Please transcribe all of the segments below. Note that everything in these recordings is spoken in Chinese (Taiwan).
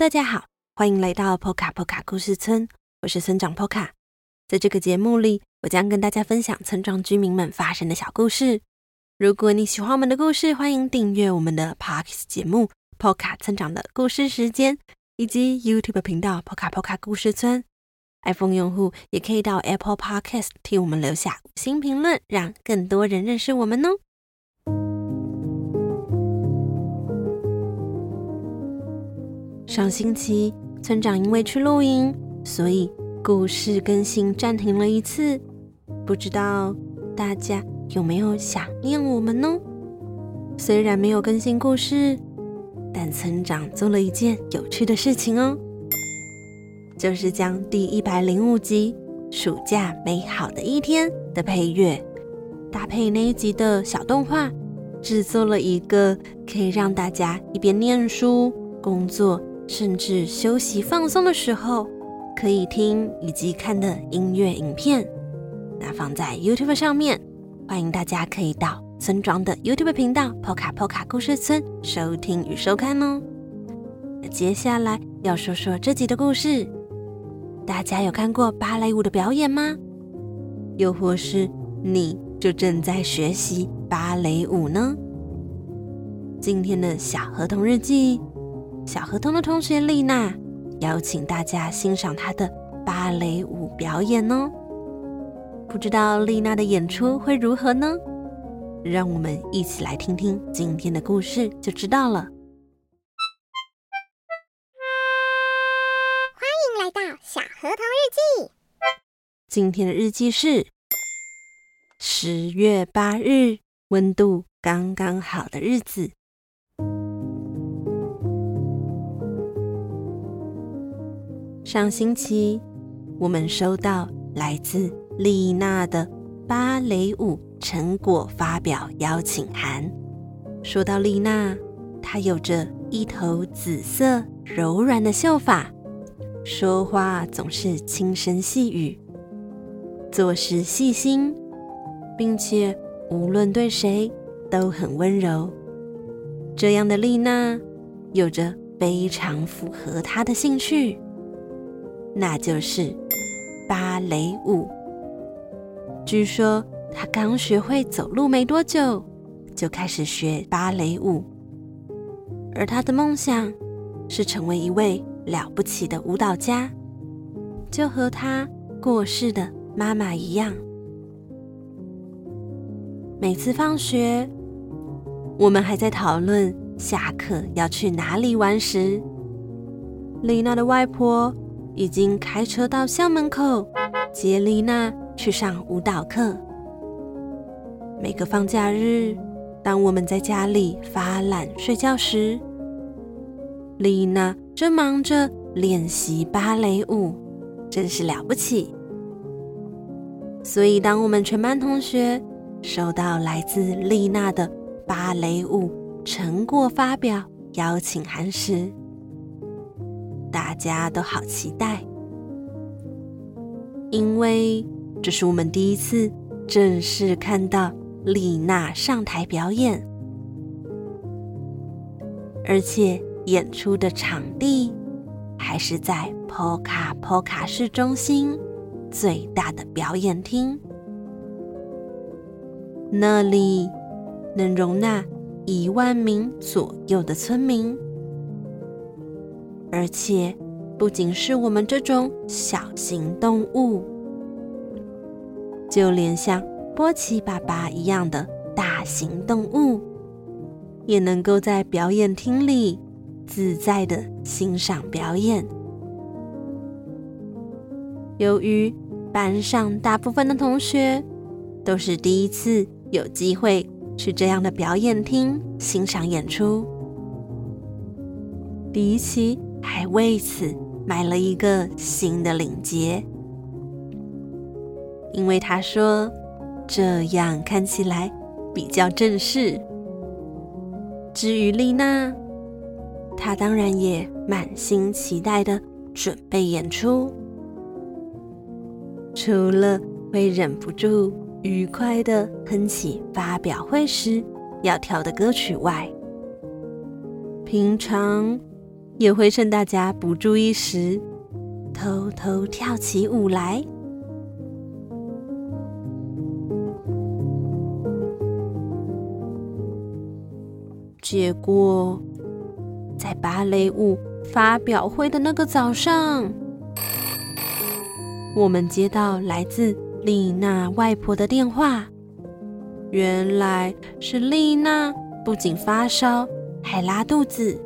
大家好，歡迎來到波卡波卡故事村，我是村長波卡。在這個節目裡，我將跟大家分享村莊居民們發生的小故事。如果你喜歡我們的故事，歡迎訂閱我們的 Podcast 節目《波卡村長的故事時間》，以及 YouTube 頻道《波卡波卡故事村》。iPhone 用戶也可以到 Apple Podcast 替我們留下五星評論，讓更多人認識我們哦。上星期，村長因為去露營，所以故事更新暫停了一次。不知道大家有沒有想念我們呢？雖然沒有更新故事，但村長做了一件有趣的事情哦，就是將第一百零五集《暑假美好的一天》的配樂，搭配那一集的小動畫，制作了一個可以讓大家一邊念書、工作。甚至休息放鬆的時候，可以聽以及看的音樂影片，那放在 YouTube 上面，歡迎大家可以到村莊的 YouTube 頻道“破卡破卡故事村”收聽與收看哦。那接下來要說說這集的故事，大家有看過芭蕾舞的表演嗎？又或是你就正在學習芭蕾舞呢？今天的小河童日記。小河童的同學莉娜邀請大家欣賞她的芭蕾舞表演哦。不知道莉娜的演出會如何呢？讓我們一起來聽聽今天的故事就知道了。歡迎來到小河童日記。今天的日記是十月八日，溫度剛剛好的日子。上星期，我們收到來自莉娜的芭蕾舞成果發表邀請函。說到莉娜，她有着一頭紫色柔軟的秀髮，說話總是輕聲細語，做事細心，並且無論對誰都很溫柔。這樣的莉娜，有着非常符合她的興趣。那就是芭蕾舞。據說她剛學會走路沒多久，就開始學芭蕾舞。而她的夢想是成為一位了不起的舞蹈家，就和她過世的媽媽一樣。每次放學，我們還在討論下課要去哪裡玩時，莉娜的外婆。已經開車到校門口，接莉娜去上舞蹈課。每個放假日，當我們在家裡發懶睡覺時，莉娜正忙着練習芭蕾舞，真是了不起。所以，當我們全班同學收到來自莉娜的芭蕾舞成果發表邀請函時，大家都好期待，因為這是我們第一次正式看到莉娜上台表演，而且演出的場地還是在波卡波卡市中心最大的表演廳，那裡能容納一萬名左右的村民。而且，不僅是我們這種小型動物，就連像波奇爸爸一樣的大型動物，也能夠在表演廳裡自在的欣賞表演。由於班上大部分的同學都是第一次有機會去這樣的表演廳欣賞演出，比起。還為此買了一個新的領結，因為她說這樣看起來比較正式。至於麗娜，她當然也滿心期待地準備演出，除了會忍不住愉快地哼起發表會時要跳的歌曲外，平常。也會趁大家不注意時，偷偷跳起舞來。結果，在芭蕾舞發表會的那個早上，我們接到來自莉娜外婆的電話。原來是莉娜不僅發燒，還拉肚子。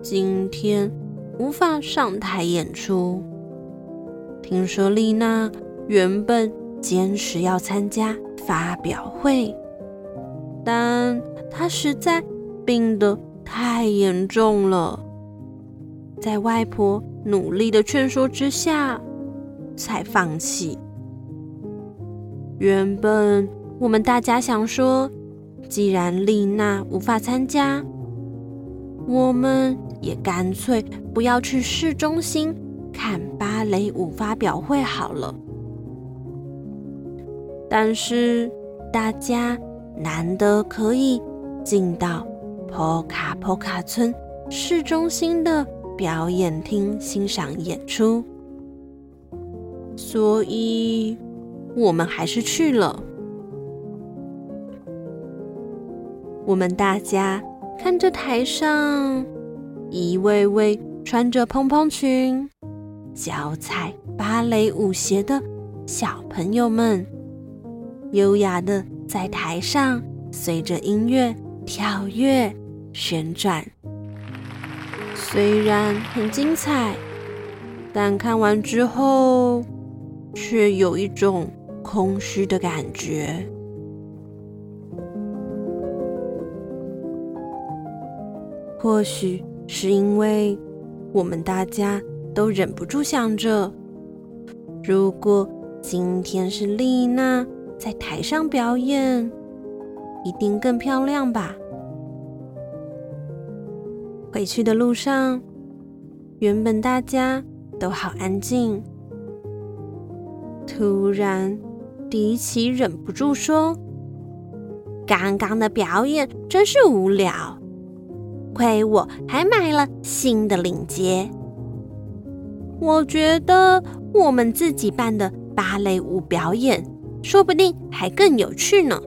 今天無法上台演出。聽說莉娜原本堅持要參加發表會，但她實在病得太嚴重了，在外婆努力的勸說之下才放棄。原本我們大家想說，既然莉娜無法參加，我們。也乾脆不要去市中心看芭蕾舞發表會好了。但是大家難得可以進到坡卡坡卡村市中心的表演廳欣賞演出，所以我們還是去了。我們大家看着台上。一位位穿着蓬蓬裙、腳踩芭蕾舞鞋的小朋友們，優雅地在台上隨着音樂跳躍、旋轉。雖然很精彩，但看完之後卻有一種空虛的感覺。或許。是因為我們大家都忍不住想着，如果今天是麗娜在台上表演，一定更漂亮吧。回去的路上，原本大家都好安靜，突然迪奇忍不住說：“剛剛的表演真是無聊。”虧我還買了新的領結。我覺得我們自己辦的芭蕾舞表演，說不定還更有趣呢。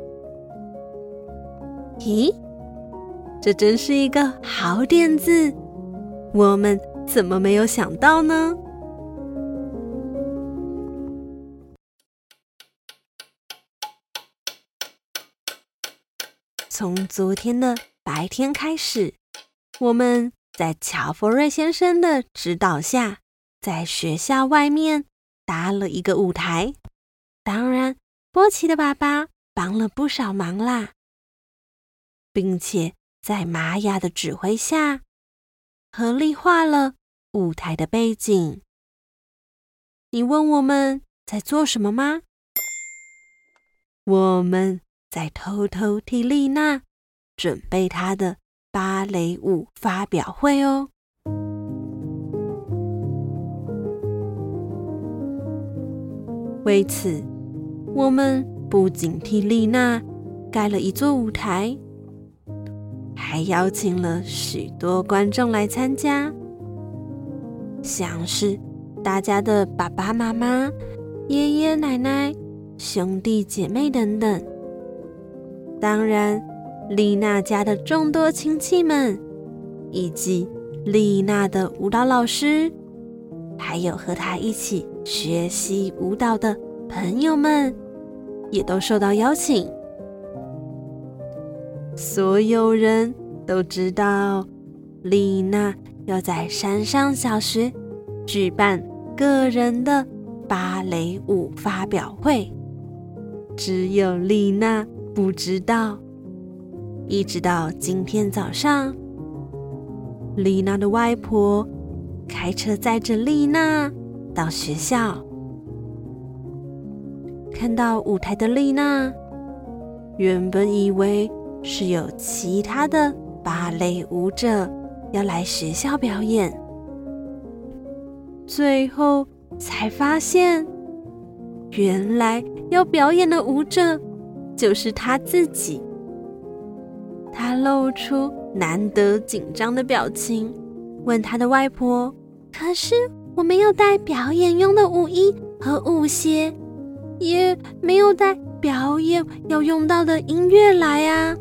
咦？這真是一個好點子！我們怎麼沒有想到呢？從昨天的白天開始。我們在喬佛瑞先生的指導下，在學校外面搭了一個舞臺。當然，波奇的爸爸幫了不少忙啦，並且在瑪雅的指揮下，合力畫了舞臺的背景。你問我們在做什麼嗎？我們在偷偷替麗娜準備她的。芭蕾舞發表會哦！為此，我們不僅替莉娜蓋了一座舞台，還邀請了許多觀眾來參加，像是大家的爸爸媽媽、爺爺奶奶、兄弟姐妹等等，當然。莉娜家的眾多親戚們，以及莉娜的舞蹈老師，還有和她一起學習舞蹈的朋友們，也都受到邀請。所有人都知道，莉娜要在山上小學舉辦個人的芭蕾舞發表會，只有莉娜不知道。一直到今天早上，麗娜的外婆開車載着麗娜到學校。看到舞台的麗娜，原本以為是有其他的芭蕾舞者要來學校表演，最後才發現，原來要表演的舞者就是她自己。他露出難得緊張的表情，問他的外婆：“可是我沒有帶表演用的舞衣和舞鞋，也沒有帶表演要用到的音樂來啊！”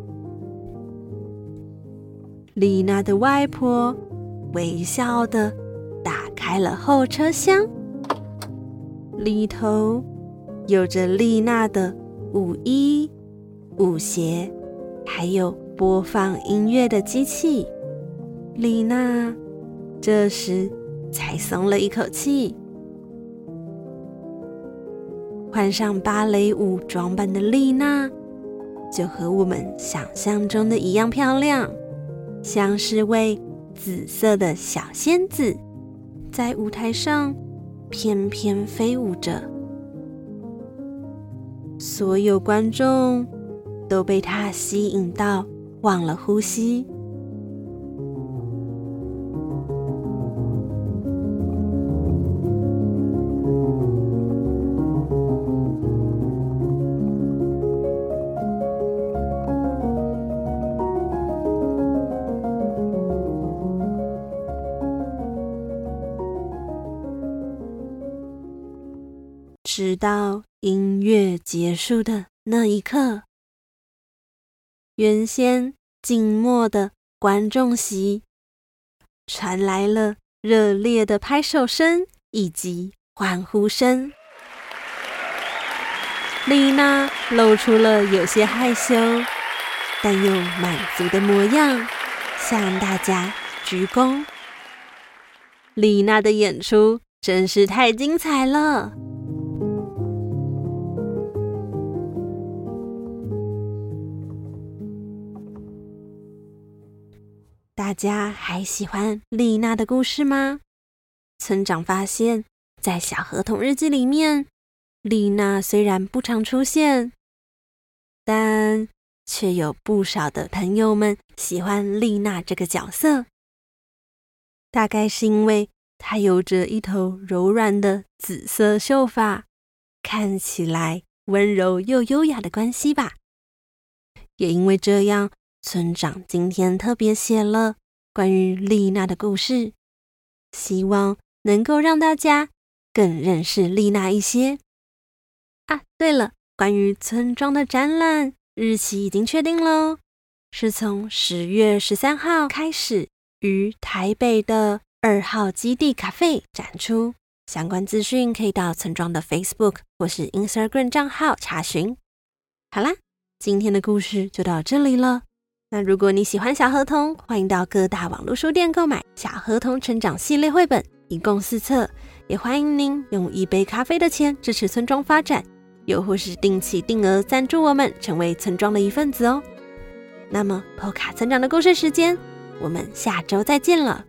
麗娜的外婆微笑地打開了後車廂，裡頭有着麗娜的舞衣、舞鞋，還有播放音樂的機器，莉娜這時才鬆了一口氣。換上芭蕾舞裝扮的莉娜，就和我們想象中的一樣漂亮，像是位紫色的小仙子，在舞台上翩翩飛舞着。所有觀眾都被她吸引到，忘了呼吸，直到音樂結束的那一刻。原先靜默的觀眾席，傳來了熱烈的拍手聲以及歡呼聲。莉娜露出了有些害羞，但又滿足的模樣，向大家鞠躬。莉娜的演出真是太精彩了。家還喜歡莉娜的故事嗎？村長發現，在小河童日記裡面，莉娜雖然不常出現，但卻有不少的朋友們喜歡莉娜這個角色。大概是因為她有着一頭柔軟的紫色秀髮，看起來溫柔又優雅的關係吧。也因為這樣，村長今天特別寫了。關於莉娜的故事，希望能夠讓大家更認識莉娜一些。啊，對了，關於村莊的展覽，日期已經確定嘍，是從十月十三號開始，於台北的二號基地咖啡展出。相關資訊可以到村莊的 Facebook 或是 Instagram 賬號查詢。好啦，今天的故事就到這裡了。那如果你喜歡小河童，歡迎到各大網絡書店購買《小河童成長系列繪本》，一共四冊。也歡迎您用一杯咖啡的錢支持村莊發展，又或是定期定額贊助我們，成為村莊的一份子哦。那麼，波卡成長的故事時間，我們下周再見了。